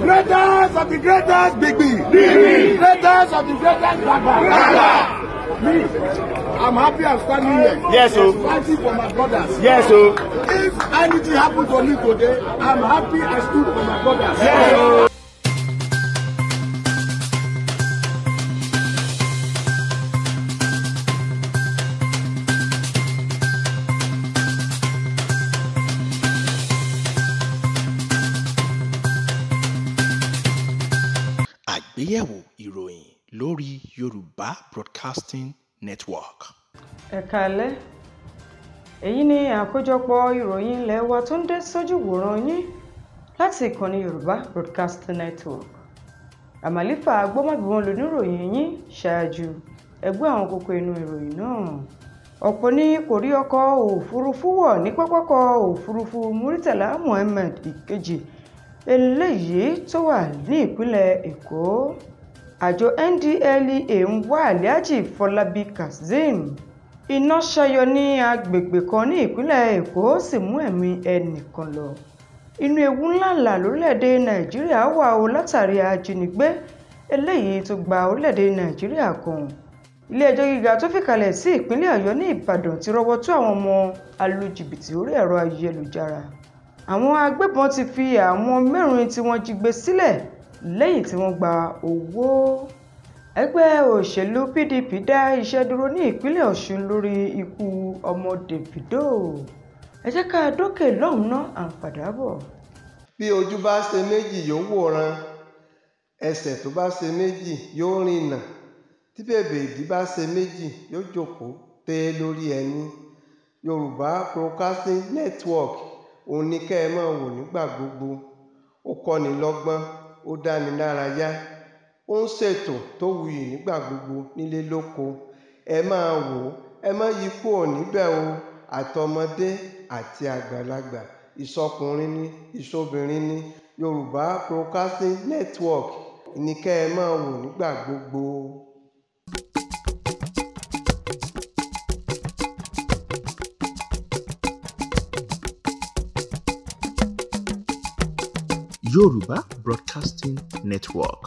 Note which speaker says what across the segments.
Speaker 1: Greatest of the greatest Bigby. Greatest of the greatest Baba. Me, I'm happy I'm standing here. Yes, oh. Fighting for my brothers. Yes, oh. If anything happened to me today, I'm happy I stood for my brothers. Yes, oh. àgbéyẹ̀wò ìròyìn lórí Yorùbá Broadcasting Network. ẹ káalẹ́ èyí ni àkójọpọ̀ ìròyìn ilé wa tó ń dé sójú wòran yín láti ìkànnì Yorùbá Broadcasting Network àmàlífà agbọ́mọ̀gbọ́n lóníròyìn yín ṣáájú ẹgbẹ́ àwọn kókó inú ìròyìn náà ọ̀pọ̀ ní kò rí ọkọ̀ òfurufú wọ̀ ní pápákọ̀ òfurufú Muritala Muhammed ìkejì eléyìí tó wà ní ìpínlẹ̀ Èkó àjọ ndlea ń wá alhaji fọlábí kazeem iná ṣàyọ ní agbègbè kan ní ìpínlẹ̀ èkó sì mú ẹ̀mí ẹnìkan lọ inú ewu ńláńlá lórílẹ̀‐èdè nàìjíríà wà ó látàrí ajínigbé eléyìí tó gba orílẹ̀‐èdè nàìjíríà kan ilé-ẹjọ́ gíga tó fìkàlẹ̀ sí ìpínlẹ̀ ọ̀yọ́ ní ìbàdàn ti rọ́wọ́ tó àwọn ọmọ alùjìbìtì orí ẹ̀rọ ayélujára àwọn agbébọn ti fi àwọn mẹ́rin tí wọ́n jí gbé sílẹ̀ lẹ́yìn tí wọ́n gba owó ẹgbẹ́ òṣèlú pdp dá iṣẹ́ dúró ní ìpínlẹ̀ ọ̀ṣun lórí ikú ọmọ davido ẹ jẹ́ ká dókè lọ́hùn ná à ń padà bọ̀. bí ojú bá ṣe méjì yóò wòran ẹsẹ̀ tó bá ṣe méjì yóò rìnà tí bèbè ìdí bá ṣe méjì yóò jókòó tẹ́ lórí ẹni yorùbá broadcasting network òun ni kẹ́ ẹ máa wò nígbà gbogbo ó kọ́ni lọ́gbọ́n ó dáni lárayá ó ń ṣètò tó wuyì nígbà gbogbo nílé lóko ẹ máa wò ó ẹ má yí kúrò níbẹ̀ o àtọmọdé àti àgbàlagbà ìsọkùnrin ní ìsọbìnrin ní Yorùbá Broadcasting Network ní kẹ́ ẹ máa wò nígbà gbogbo. Yorùbá Broadcasting Network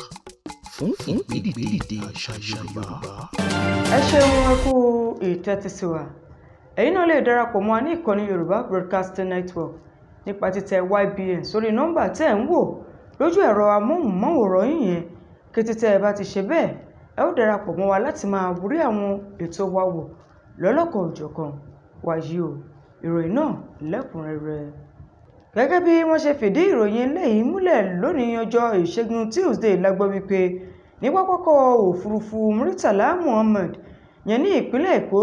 Speaker 1: fún fún ìdílé àṣà Yorùbá. ẹ ṣeun ẹ kú ìtẹ́tísí wa ẹ̀yin náà lè darapọ̀ mọ́ a ní ìkànnì Yorùbá Broadcasting Network nípa títẹ̀ YBN sórí nọ́mbà tẹ́ ẹ̀ ń wò lójú ẹ̀rọ amóhùnmáwòrán yìí yẹn kí títẹ̀ ẹ bá ti ṣe bẹ́ẹ̀ ẹ ó darapọ̀ mọ́ wa láti máa wúrí àwọn ètò wa wò lọ́lọ́kan-ò-jọ̀kan o ìròyìn náà lẹ́kùnrẹ́rẹ́ gẹ́gẹ́ bí wọ́n ṣe fìdí ìròyìn eléyìí múlẹ̀ lónìí ọjọ́ ìṣẹ́gun tuesday la gbọ́ wípé ní pápákọ̀ òfurufú muritala muhammed yẹn ní ìpínlẹ̀ èkó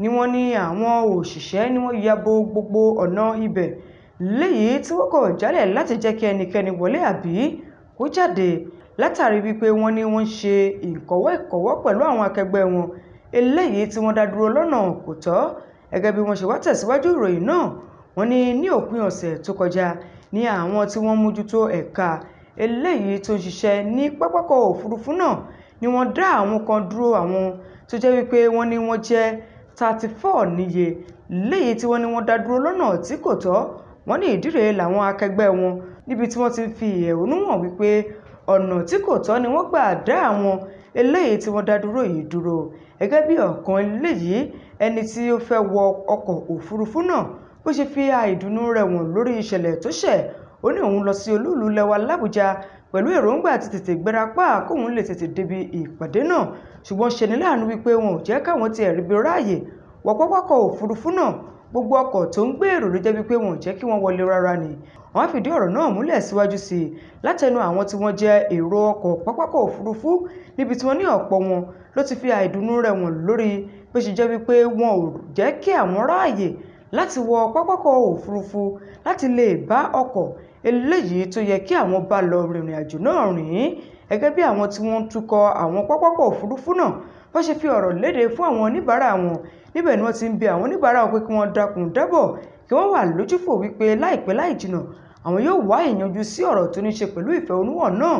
Speaker 1: ni wọ́n ní àwọn òṣìṣẹ́ ni wọ́n ya bo gbogbo ọ̀nà ibẹ̀ léyìí tí wọ́n kọ̀ jálẹ̀ láti jẹ́ kí ẹnikẹ́ni wọlé àbí kó jáde látàrí wípé wọ́n ní wọ́n ń ṣe ìkọ̀wọ́ ìkọ̀wọ́ pẹ̀lú àwọn akẹgbẹ́ wọn eléyìí tí wọ́n dá dúró lọ́nà kò tọ́ gẹ́gẹ́ bí wọ́n ṣe wá tẹ̀síwájú ìròyìn náà wọ́n ní ní òpin ọ̀sẹ̀ tó kọjá ní àwọn tí wọ́n mójútó ẹ̀ka eléyìí tó ń ṣiṣẹ́ ní pápákọ̀ òfurufú náà ni wọ́n dá àwọn kan dúró àwọn tó jẹ́ wípé wọ́n ní wọ́n jẹ́ 34 níye léyìí tí wọ́n ní wọ́n dá dúró lọ́nà tí kò tọ́ wọ́n ní ìdí rèé làwọn akẹgbẹ́ wọn níbi tí wọ́n ti fi ẹ̀hónú hàn wípé ọ̀nà tí kò tọ́ ni wọ́n gbà dá àwọn eléyìí tí wọ́n dá dúró yìí dúró gẹ́gẹ́ bí ọ̀kan eléyìí ẹni tí ó fẹ́ wọ ọkọ̀ òfurufú náà bó ṣe fi àìdùnnú rẹ̀ wọ̀n lórí ìṣẹ̀lẹ̀ tó ṣẹ̀ ó ní òun lọ sí olúùlú lẹwa làbújá pẹ̀lú èròǹgbà àti tètè gbérapá kóun lè tètè débi ìpàdé náà ṣùgbọ́n ṣeni láàánú wípé wọn ò jẹ́ káwọn tiẹ̀ ríbi ráàyè wọ́pọ́pọ́kọ̀ òfurufú náà gbogbo ọkọ̀ tó ń gbé èrò ló jẹ́ wípé wọn ò jẹ́ kí wọ́n wọlé rárá ni wọ́n fìdí ọ̀rọ̀ náà múlẹ̀ síwájú sí i látẹnu àwọn tí wọ́n jẹ́ èrò ọkọ̀ pápákọ̀ òfurufú níbi tí wọ́n ní ọ̀pọ̀ wọn ló ti fi àìdùnnú rẹ̀ wọ̀n lórí bó ṣe jẹ́ wípé wọn ò jẹ́ kí àwọn ráàyè láti wọ pápákọ̀ òfurufú láti lè bá ọkọ̀ eléyìí tó yẹ kí àwọn bá lọ rìnrìn àjò náà rìn gẹ́gẹ́ bí àwọn tí wọ́n ń tukọ̀ àwọn pápákọ̀ òfurufú náà wọ́n ṣe fi ọ̀rọ̀ léde fún àwọn oníbàárà wọn níbẹ̀ ni wọ́n ti ń bi àwọn oníbàárà wọn pé kí wọ́n dákun dábọ̀ kí wọ́n wà lójúfò wípé láìpẹ́ láì jìnnà àwọn yóò wá ìyanjú sí ọ̀rọ̀ tó ní ṣe pẹ̀lú ìfẹ̀hónúhàn náà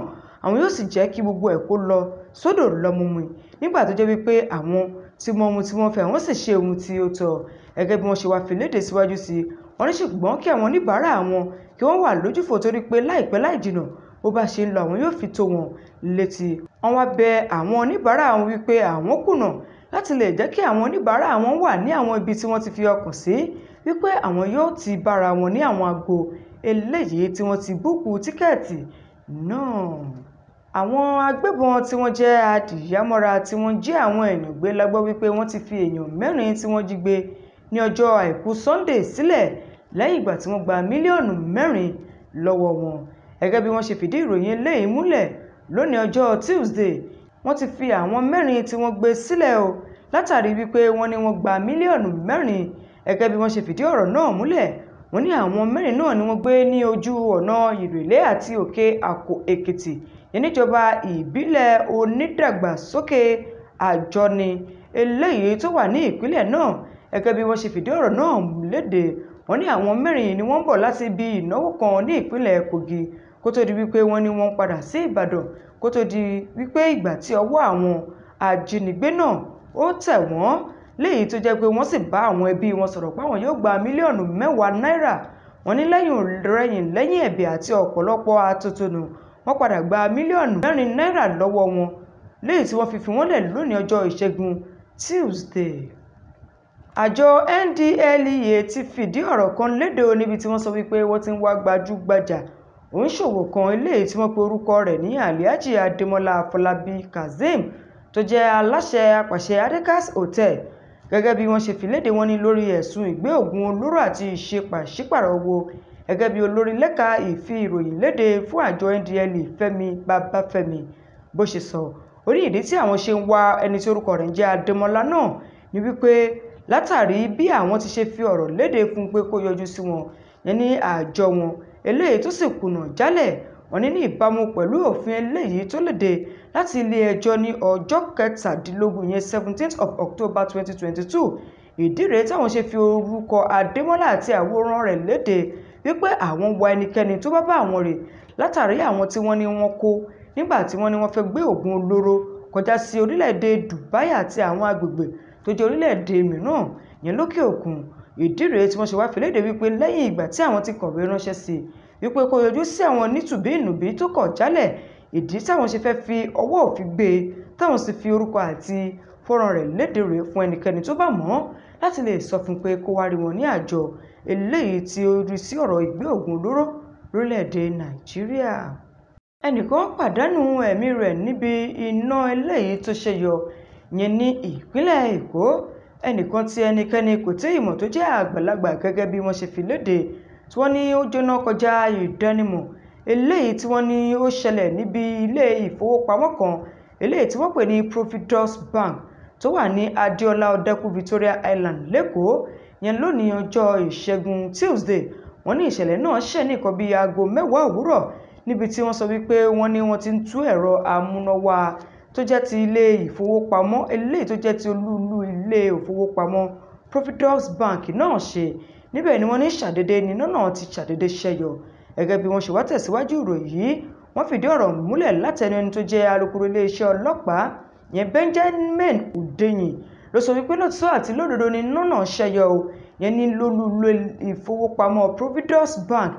Speaker 1: àwọn yóò sì jẹ́ kí gbogbo ẹ̀ kó lọ sódò lọ́mùmùì nígbà tó jẹ́ wípé àwọn tí wọ́n mu tí wọ́n fẹ́ àwọn sì ṣe ohun tí ó tọ́ gẹ́gẹ́ bí wọ́n ṣe wá fi léde síwájú sí i wọ́n ní ṣùgbọ́n kí àwọn oníbàárà àwọn kí wọ́n wà lójúfò torí pé láìpẹ́ láì jìnà bó bá ṣe ń lọ àwọn yóò fi tó wọn létí wọ́n wá bẹ àwọn oníbàárà àwọn wípé àwọn kùnà láti lè jẹ́ kí àwọn oníbàárà àwọn wà ní àwọn ibi tí wọ́n ti fi ọkàn sí wípé àwọn yóò ti bára wọn ní àwọn àgbo eléyìí tí wọ́n ti búkú tíkẹ́ẹ̀tì náà àwọn agbébọn tí wọ́n jẹ́ adìyàmọ́ra tí wọ́n jí àwọn èèyàn gbé la gbọ́ wípé wọ́n ti fi èèyàn mẹ́rin tí wọ́n jí gbé ní ọjọ́ àìkú Sunday sílẹ̀ lẹ́yìn ìgbà tí wọ́n gba mílíọ̀nù mẹ́rin lọ́wọ́ wọn gẹ́gẹ́ bí wọ́n ṣe fìdí ìròyìn eléyìí múlẹ̀ lónìí ọjọ́ Tuesday wọ́n ti fi àwọn mẹ́rin tí wọ́n gbé sílẹ̀ o látàrí wípé wọ́n ní wọ́n gba mílíọ̀nù mẹ́rin gẹ́gẹ́ bí wọ́n ṣe fìdí ọ̀rọ̀ náà múlẹ̀ wọ́n ní àwọn mẹ́rin náà ni wọ́n gbé ní ojú ọ̀nà ìrèlé àti òkè àkó èkìtì níjọba ìbílẹ̀ onídàgbàsókè àjọni eléyìí tó wà ní ìpínlẹ̀ náà gẹ́gẹ́ bí wọ́n ṣe fìdí ọ̀rọ̀ náà léde wọ́n ní àwọn mẹ́rin ni wọ́n ń bọ̀ láti ibi ìnáwó kan ní ìpínlẹ̀ kogi kó tó di wípé wọ́n ní wọ́n padà sí ìbàdàn kó tó di wípé ìgbà tí ọwọ́ àwọn ajínigbé náà ó tẹ̀ wọ́n léyìí tó jẹ́ pé wọ́n sì bá àwọn ẹbí wọn sọ̀rọ̀ páwọn yóò gba mílíọ̀nù mẹ́wàá náírà wọ́n ní lẹ́yìn rẹ̀yìn lẹ́yìn ẹ̀bẹ̀ àti ọ̀pọ̀lọpọ̀ atótónu wọ́n padà gba mílíọ̀nù mẹ́rin náírà lọ́wọ́ wọn léyìí tí wọ́n fi fi wọ́n lẹ̀ lónìí ọjọ́ ìṣẹ́gun Tuesday àjọ NDLEA ti fìdí ọ̀rọ̀ kan léde níbi tí wọ́n sọ wípé wọ́n ti ń wá gbajúgbajà oníṣòwò kan eléyìí tí wọ́n pe orúkọ rẹ̀ ní Alhaji Adémọ́lá Afọlábí Kazeem tó jẹ́ aláṣẹ apàṣẹ Adekaz Hotel gẹ́gẹ́ bí wọ́n ṣe fìléde wọn ní lórí ẹ̀sùn ìgbé òògùn olóró àti ìṣe pàṣípàrọ̀ owó gẹ́gẹ́ bí olórí lẹ́ka ìfi ìròyìn léde fún àjọ ndla e, fẹ́mi babáfẹ́mi bó ṣe sọ ó ní ìdí tí àwọn ṣe ń wá ẹni tí orúkọ rẹ̀ ń jẹ́ adémọlá náà ni wípé látàrí bí àwọn ti ṣe fi ọ̀rọ̀ léde fún pé kó yọjú sí wọn yẹn àjọ wọn eléyìí tó sì kùnà jálẹ̀ wọ́n ní ní ìbámu pẹ̀lú òfin eléyìí tó léde láti ilé ẹjọ́ ní ọjọ́ kẹtàdínlógún yẹn seventeenth of october twenty twenty two ìdí rèé táwọn ṣe fi orúkọ adémọ́lá àti àwòrán rẹ̀ léde wípé àwọn wa ẹnikẹ́ni tó bá bá àwọn rè látàrí àwọn tí wọ́n ní wọ́n kó nígbà tí wọ́n ní wọ́n fẹ́ gbé oògùn olóró kọjá sí orílẹ̀-èdè dubai àti àwọn agbègbè tó jẹ́ orílẹ̀-èdè mìíràn yẹn lókè òkun ìdí rèé tí wọ́n ṣe wá fi léde wípé lẹ́yìn ìgbà tí àwọn ti kọ̀wé ránṣẹ́ sí i wípé kó yọjú sí àwọn nítùbí-ìnùbí tó kọ̀ jálẹ̀ ìdí táwọn ṣe fẹ́ fi ọwọ́ òfin gbé e táwọn sì fi orúkọ àti fọ́nrán rẹ̀ léde rèé fún ẹnikẹ́ni tó bá mọ̀ láti lè sọ fún pé kó wá rí wọn ní àjọ eléyìí tí ó rí sí ọ̀rọ̀ ìgbé ògùn olóró lórílẹ̀‐èdè nàìjíríà ẹnìkan pàdánù ẹ̀mí rẹ̀ níbi iná eléyìí tó ṣe yọ yẹn ní ìpínlẹ̀ èkó ẹnìkan tí ẹnikẹ́ni kò tí ì mọ̀ tó jẹ́ àgbàlagbà gẹ́gẹ́ bí wọ́n ṣe fi léde tí wọ́n ní ó jóná kọjá ìdánimọ̀ eléyìí tí wọ́n ní ó ṣẹlẹ̀ níbi ilé ìfowópamọ́ kan eléyìí tí wọ́n pè ní providus bank tó wà ní adéọlá ọ̀dẹ́kù victoria island lẹ́kọ̀ọ́ yẹn lónìí ọjọ́ ìṣẹ́gun tuesday wọ́n ní ìṣẹ̀lẹ̀ náà ṣẹ̀ ní nǹkan bíi aago mẹ́wàá òwúrọ̀ níbi tí wọ́n sọ wípé wọ́n ní wọ́n ti ń tú ẹ̀rọ amúnáwá tó jẹ́ ti ilé ìfowópamọ́ eléyìí tó jẹ́ ti olúùlú ilé ìfowópamọ́ providus bank náà ṣe níbẹ̀ ni wọ́n ní ṣàdédé níná náà ti ṣàdédé ṣẹ́yọ gẹ́gẹ́ bí wọ́n ṣe wá tẹ̀síwájú ìròyìn yìí wọ́n fìdí ọ̀rọ̀ múlẹ̀ látẹnu ẹni tó jẹ́ alukoro iléeṣẹ́ ọlọ́pàá yẹn Benjamin Hundeyin ló sọ wípé lóòótọ́ àti lódodo ni iná náà ṣẹ́yọ o yẹn ní lólúlo ìfowópamọ́ Providus Bank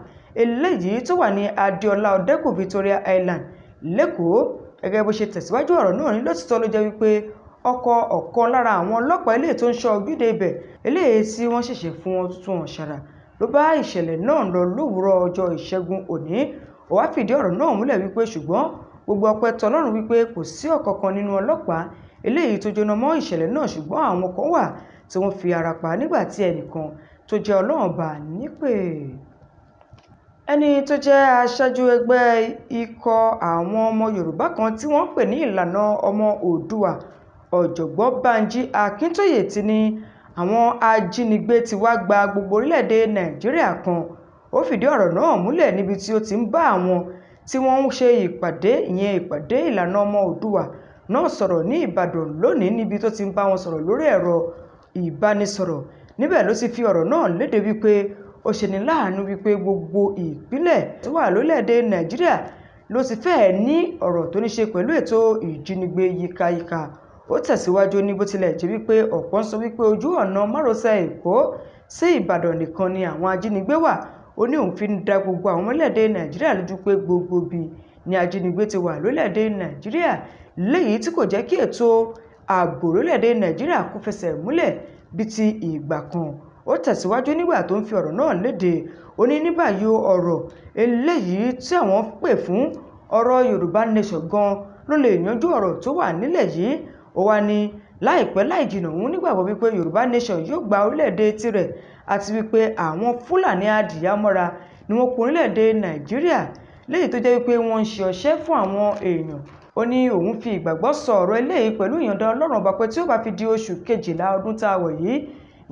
Speaker 1: eléyìí tó wà ní Adéọlá Ọ̀dẹ́kù Victoria Island lẹ́kọ̀ọ́ gẹ́gẹ́ bó ṣe tẹ̀síwájú ọ̀rọ̀ náà ní lóòótọ́ ló jẹ́ wípé ọkọ̀ ọ̀kan lára àwọn ọlọ́pàá eléyìí tó ń ṣọ́ ojúde ibẹ̀ eléyìí tí wọ́n ṣẹ̀ṣẹ̀ fún wọn tuntun ọ̀sára ló bá ìṣẹ̀lẹ̀ náà lọ lówùúrọ̀ ọjọ́ ìṣẹ́gun òní ó wá fìdí ọ̀rọ̀ náà múlẹ̀ wípé ṣùgbọ́n gbogbo ọpẹ́ tọlọ́run wípé kò sí ọ̀kankan nínú ọlọ́pàá eléyìí tó jóná mọ́ ìṣẹ̀lẹ̀ náà ṣùgbọ́n àwọn kan wà tí wọ́n fi ara pa nígbà tí ẹnìkan tó jẹ́ ọlọ́ọ̀bà nípè ẹni tó jẹ́ aṣáájú ẹgbẹ́ ikọ̀ àwọn ọmọ Yorùbá kan tí wọ́n pè ní ìlànà ọmọ Oòduà ọ̀jọ̀gbọ́n banji akíntóyè ti ní àwọn ajínigbé tí wàá gba gbogbo orílẹ̀‐èdè nàíjíríà kan ó fìdí ọ̀rọ̀ náà múlẹ̀ níbi tí ó ti ń bá àwọn tí wọ́n ń ṣe ìpàdé ìyẹn ìpàdé ìlànà ọmọ òdùwà náà sọ̀rọ̀ ní ìbàdàn lónìí níbi tó ti ń bá wọn sọ̀rọ̀ lórí ẹ̀rọ ìbánisọ̀rọ̀ níbẹ̀ ló ti fi ọ̀rọ̀ náà léde wípé ó ṣeni láàánú wípé gbogbo ìpínlẹ̀ tó wà lórílẹ̀‐èdè ló ti fẹ́ẹ̀ ní ọ̀rọ̀ tó ní ṣe pẹ̀lú ètò ìjínigbé yíkáyíká ó tẹ̀síwájú ní bó tilẹ̀ jẹ́ wípé ọ̀pọ̀ ń sọ wípé ojú ọ̀nà márosẹ̀ èkó sí ìbàdàn nìkan ni àwọn ajínigbé wà ó ní òun fi ń da gbogbo àwọn orílẹ̀ nàìjíríà lójú pé gbogbo bí ni ajínigbé ti wà lórílẹ̀-èdè nàìjíríà léyìí tí kò jẹ́ kí ètò ààbò lórílẹ̀-èdè nàìjíríà kó fẹsẹ̀ múlẹ̀ bíi ti ìgbà kan ó tẹ̀síwájú nígbà tó ń fi ọ̀rọ̀ náà léde ó ní ní báyìí ọ̀rọ̀ eléyìí tí àwọn pè fún ọ̀rọ̀ yorùbá nation gan ló lè yanjú ọ̀rọ̀ tó wà nílẹ̀ yìí ó wá ní láìpẹ́ láì jìnnà òun nígbàgbọ́ wípé yorùbá nation yóò gba orílẹ̀-èdè tirẹ̀ àti wípé àwọn fúlàní adìyàmọ́ra ni wọ́n kó orílẹ̀-èdè nàìjíríà léyìí tó jẹ́ wípé wọ́n ń ṣe ọṣẹ́ fún àwọn èèyàn ó ní òun fi ìgbàgbọ́ sọ ọ̀rọ̀ eléyìí pẹ̀lú ìyọ̀ǹda ọlọ́run ọba pé tí ó bá fi di oṣù kejìlá ọdún tá a wọ̀ yìí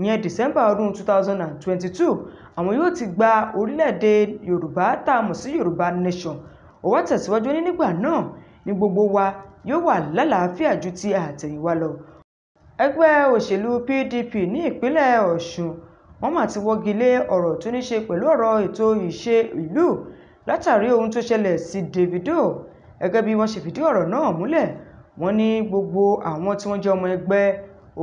Speaker 1: ìyẹn december ọdún 2022 àwọn yóò ti gba orílẹ̀-èdè yorùbá tá a mọ̀ sí yorùbá nation ó wá tẹ̀síwájú ní nígbà náà ni gbogbo wa yóò wà lálàáfíà ju ti àtẹ̀yìnwá lọ ẹgbẹ́ òṣèlú PDP ní ìpínlẹ̀ Ọ̀ṣun wọ́n mà ti wọ́gi lé ọ̀rọ̀ tó ní ṣe pẹ̀lú ọ̀rọ̀ ètò ìṣe ìlú látàrí ohun tó ṣẹlẹ̀ sí Davido gẹ́gẹ́ bí wọ́n ṣe fìdí ọ̀rọ̀ náà múlẹ̀ wọ́n ní gbogbo àwọn tí wọ́n jẹ́ ọmọ ẹgbẹ́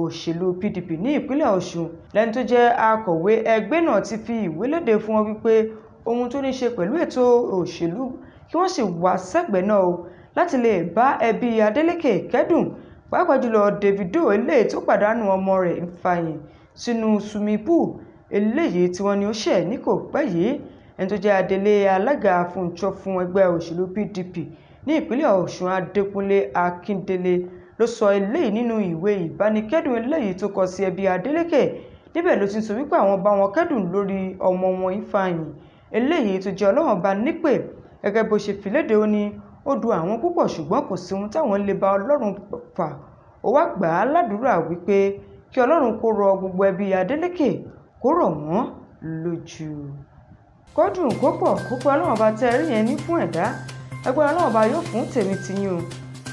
Speaker 1: òṣèlú PDP ní ìpínlẹ̀ Ọ̀ṣun lẹ́ni tó jẹ́ akọ̀wé ẹgbẹ́ náà ti fi ìwé léde fún wọn wípé ohun tó ní ṣe pẹ̀lú ètò òṣèlú kí wọ́n sì wá sẹ́gbẹ̀ẹ́ náà láti lè bá ẹbí Adeleke kẹ́dùn pàápàá jùlọ Davido eléyìí tó pàdánù ọmọ rẹ̀ Ifeanyi sínú sumipu eléyìí tí wọ́n ní ó ṣẹ̀ ní kò pẹ́ yìí ẹni tó jẹ́ adelé alága fúnjọ fún ẹgbẹ́ òṣèlú PDP ní ìpínlẹ̀ Ọ̀ṣun Adékúnlé Akíndélé ló sọ eléyìí nínú ìwé ìbánikẹ́dùn eléyìí tó kọ sí ẹbí Adeleke níbẹ̀ ló ti sọ wípé àwọn bá wọn kẹ́dùn lórí ọmọ wọn Ifeanyi eléyìí tó jẹ́ Ọlọ́run bá nípè gẹ́gẹ́ bó ṣe fi ó ní ó du àwọn púpọ̀ ṣùgbọ́n kò sí ohun táwọn lè bá ọlọ́run fà ó wá gbà á ládùúrà wípé kí ọlọ́run kó rọ gbogbo ẹbí Adeleke kó rọ̀ wọ́n lójú kó dùn kó pọ̀ kó pé ọlọ́run bá tẹ́ rí yẹn ní fún ẹ̀dá ẹgbẹ́ ọlọ́run bá yóò fún tèmi tiyín o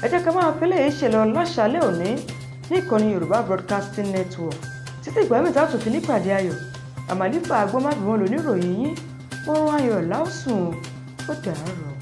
Speaker 1: ẹ jẹ́ ká máa fẹ́lẹ́ yìí ṣe lọ láṣálẹ́ òní ní ìkànnì Yorùbá Broadcasting Network títí ìgbà mẹ́ta tó fi nípàdé ayọ̀ àmàlífà agbọ́mábìmọ́ lóníròyìn yín oorun ayọ̀ láòsùn ó dàárọ̀.